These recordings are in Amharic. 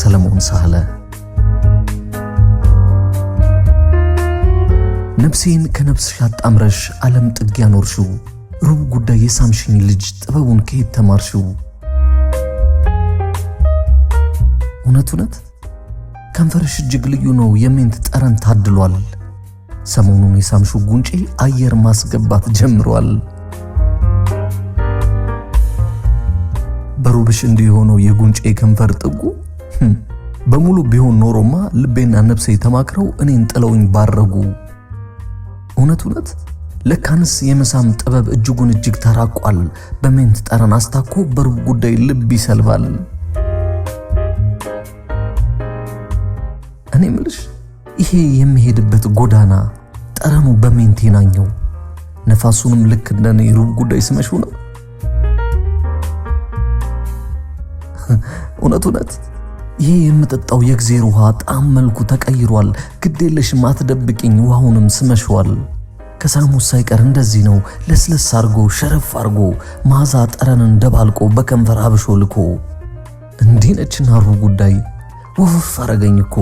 ሰለሞን ሳህለ ነፍሴን ከነፍስሽ አጣምረሽ ዓለም ጥግ ያኖርሽው ሩብ ጉዳይ የሳምሽኝ ልጅ ጥበቡን ከየት ተማርሽው? እውነት እውነት ከንፈርሽ እጅግ ልዩ ነው የሜንት ጠረን ታድሏል። ሰሞኑን የሳምሹ ጉንጬ አየር ማስገባት ጀምሯል። በሩብሽ እንዲሆነው የሆነው የጉንጬ ከንፈር ጥጉ በሙሉ ቢሆን ኖሮማ ልቤና ነፍሴ ተማክረው እኔን ጥለውኝ ባረጉ። እውነት እውነት ለካንስ የመሳም ጥበብ እጅጉን እጅግ ተራቋል። በሜንት ጠረን አስታኮ በሩብ ጉዳይ ልብ ይሰልባል። እኔ ምልሽ ይሄ የሚሄድበት ጎዳና ጠረኑ በሜንቴ ናኘው። ነፋሱንም ልክ እንደኔ ሩብ ጉዳይ ስመሽው ነው። እውነት እውነት ይህ የምጠጣው የእግዜር ውሃ ጣም መልኩ ተቀይሯል። ግዴለሽም አትደብቅኝ፣ ውሃውንም ስመሸዋል። ከሳሙስ ሳይቀር እንደዚህ ነው። ለስለስ አርጎ ሸረፍ አርጎ ማዛ ጠረንን ደባልቆ በከንፈር አብሾ ልኮ እንዲህ ነችና ሩ ጉዳይ ውፍፍ አረገኝ እኮ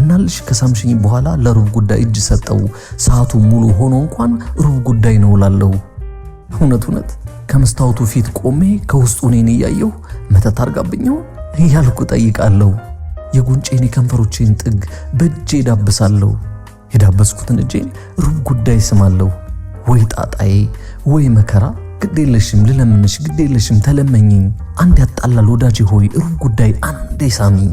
እናልሽ ከሳምሽኝ በኋላ ለሩብ ጉዳይ እጅ ሰጠው። ሰዓቱ ሙሉ ሆኖ እንኳን ሩብ ጉዳይ ነው እላለሁ። እውነት እውነት ከመስታወቱ ፊት ቆሜ ከውስጡ እኔን እያየሁ መተት አርጋብኝው እያልኩ ጠይቃለሁ። የጉንጬን የከንፈሮቼን ጥግ በእጄ ዳብሳለሁ። የዳበስኩትን እጄን ሩብ ጉዳይ ስማለሁ። ወይ ጣጣዬ፣ ወይ መከራ፣ ግዴለሽም ልለምንሽ፣ ግዴለሽም ተለመኝኝ፣ አንድ ያጣላል ወዳጄ ሆይ ሩብ ጉዳይ አንዴ ሳሚኝ።